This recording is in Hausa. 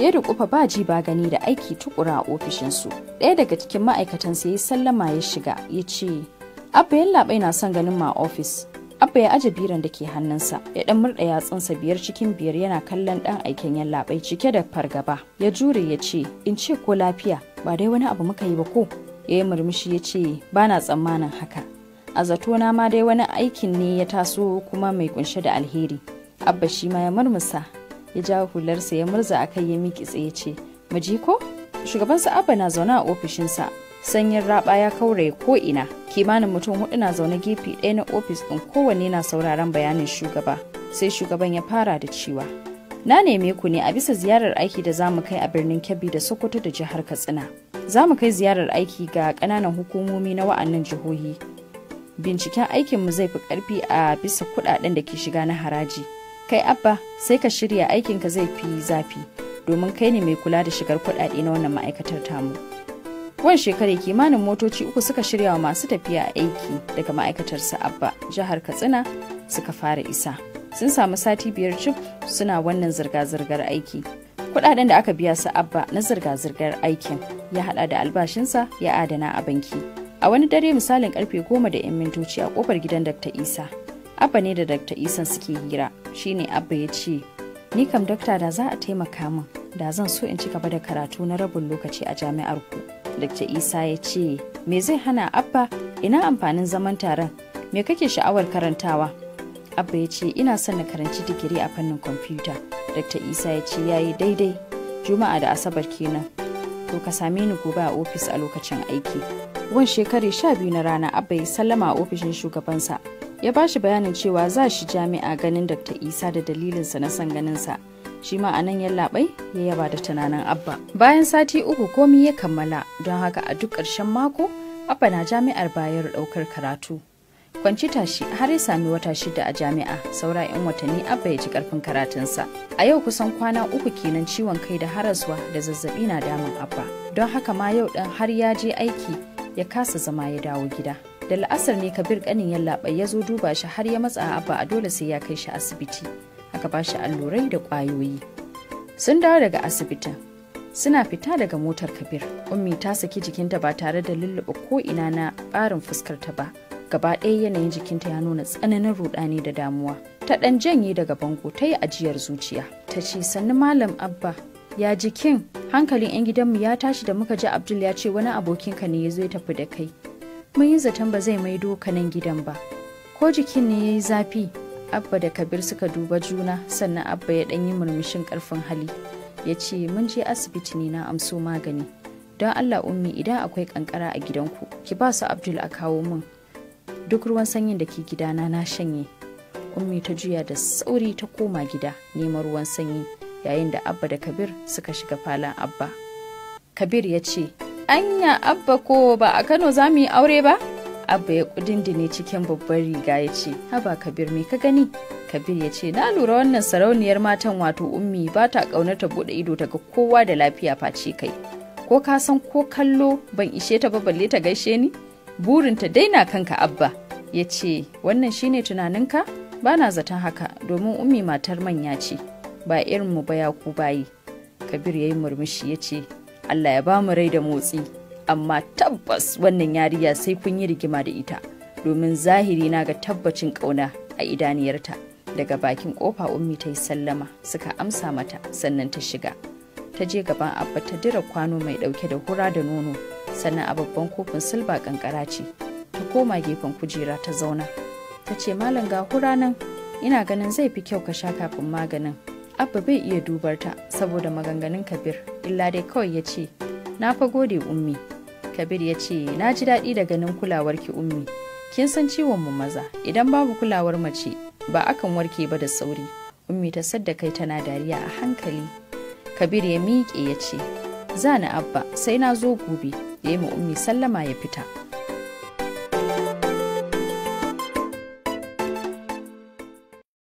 ya rikufa ba ji ba gani da aiki tukura a ofishinsu ɗaya daga cikin ma'aikatansa ya yi sallama ya shiga ya ce abba yallaɓai na son ganin ma ofis abba ya aje biran da ke hannunsa ya ɗan murɗa yatsunsa biyar cikin biyar yana kallon ɗan aikin yallaɓai cike da fargaba ya jure ya ce in ce ko lafiya ba dai wani abu muka yi ba ko ya yi murmushi ya ce ba na tsammanin haka a zatona ma dai wani aikin ne ya taso kuma mai kunshe da alheri abba shi ma ya murmusa ya jawo hularsa ya murza a kai ya miƙi tsaye ce maji ko shugaban sa'aba na zaune a ofishinsa sanyin raba ya kauraye ko ina kimanin mutum hudu na zaune gefe ɗaya na ofis ɗin kowanne na sauraron bayanin shugaba sai shugaban ya fara da cewa na neme ku ne a bisa ziyarar aiki da zamu kai a birnin kebbi da sokoto da jihar katsina za mu kai ziyarar aiki ga ƙananan hukumomi na wa'annan jihohi binciken aikinmu zai fi ƙarfi a bisa kuɗaɗen da ke shiga na haraji kai abba sai ka shirya aikinka zai fi zafi domin kai ne mai kula da shigar kuɗaɗe na wannan ma'aikatar tamu wan shekara kimanin motoci uku suka shirya wa masu tafiya aiki daga ma'aikatar su abba jihar katsina suka fara isa sun samu sati biyar cif suna wannan zirga-zirgar aiki kudaden da aka biya su abba na zirga-zirgar aikin ya hada da albashinsa ya adana a banki a wani dare misalin karfe goma da 'yan mintoci a kofar gidan dr isa abba ne da dr isan suke hira shine abba ya ce ni kam dokta da za a taimaka min da zan so in ci gaba da karatu na rabin lokaci a jami'ar ku dr isa ya ce me zai hana abba ina amfanin zaman taron me kake sha'awar karantawa abba ya ce ina son na karanci digiri a fannin kwamfuta dr isa ya ce ya yi daidai juma'a da asabar kenan to ka same ni gobe a ofis a lokacin aiki wan shekaru sha biyu na rana abba ya sallama a ofishin shugabansa ya ba shi bayanin cewa za shi jami'a ganin dr isa da dalilinsa na san ganin sa shi ma a nan ya labai ya yaba da tunanin abba bayan sati uku komi ya kammala don haka a duk ƙarshen mako abba na jami'ar bayar ɗaukar karatu kwanci tashi har ya sami wata shida a jami'a saura yan watanni abba ya ji karfin karatunsa a yau kusan kwana uku kenan ciwon kai da haraswa da zazzaɓi na damun abba don haka ma yau ɗan har ya je aiki ya kasa zama ya dawo gida da la'asar ne kabir kanin yallaɓai ya zo duba shi har ya matsa abba a dole sai ya kai shi asibiti aka ba shi allurai da ƙwayoyi sun dawo daga asibitin suna fita daga motar kabir ummi ta saki jikinta ba tare da lulluɓe ko ina na ɓarin fuskarta ba gaba ɗaya yanayin jikinta ya nuna tsananin rudani da damuwa ta ɗan janye daga bango ta yi ajiyar zuciya ta ce sannu malam abba ya jikin hankalin 'yan gidanmu ya tashi da muka ji abdul ya ce wani abokinka ne ya zo ya tafi da kai mun yi zaton ba zai maido ka nan gidan ba ko jikin ne ya yi zafi abba da kabir suka duba juna sannan abba ya ɗan yi murmushin ƙarfin hali ya ce mun je asibiti ne na amso magani don allah ummi idan akwai kankara a gidanku ki ba su abdul a kawo mun. duk ruwan sanyin da ke gidana na shanye ummi ta juya da sauri ta koma gida neman ruwan sanyi yayin da abba da kabir suka shiga falon abba kabir ya ce anya abba ko ba a Kano za mu yi aure ba? Abba ya kudindine cikin babbar riga ya ce, Haba Kabir me ka gani? Kabir ya ce, Na lura wannan sarauniyar matan wato ummi ba ta ƙaunar ta buɗe ido daga kowa da lafiya face kai. Ko ka san ko kallo ban ishe ta ba balle ta gaishe ni? burin ta daina kanka Abba. Ya ce, Wannan shine tunaninka? Ba na zaton haka domin ummi matar manya ce, ba irin mu ba ya ku bayi. Kabir ya yi murmushi ya ce, Allah ya ba mu rai da motsi amma tabbas wannan yariya sai kun yi rigima da ita domin zahiri na ga tabbacin ƙauna a idaniyarta daga bakin ƙofa ummi ta yi sallama suka amsa mata sannan ta shiga ta je gaban abba ta dira kwano mai ɗauke da hura da nono sannan a babban kofin silba kankara ce ta koma gefen kujera ta zauna ta ce malam ga hura nan ina ganin zai fi kyau ka sha kafin maganin abba bai iya dubar ta saboda maganganun kabir illa dai kawai ya ce na fa gode ummi kabir ya ce na ji daɗi da ganin kulawarki ummi kin san ciwon mu maza idan babu kulawar mace ba akan warke ba da sauri ummi ta sadda kai tana dariya a hankali kabir ya miƙe ya ce za ni abba sai na zo gobe ya yi ma ummi sallama ya fita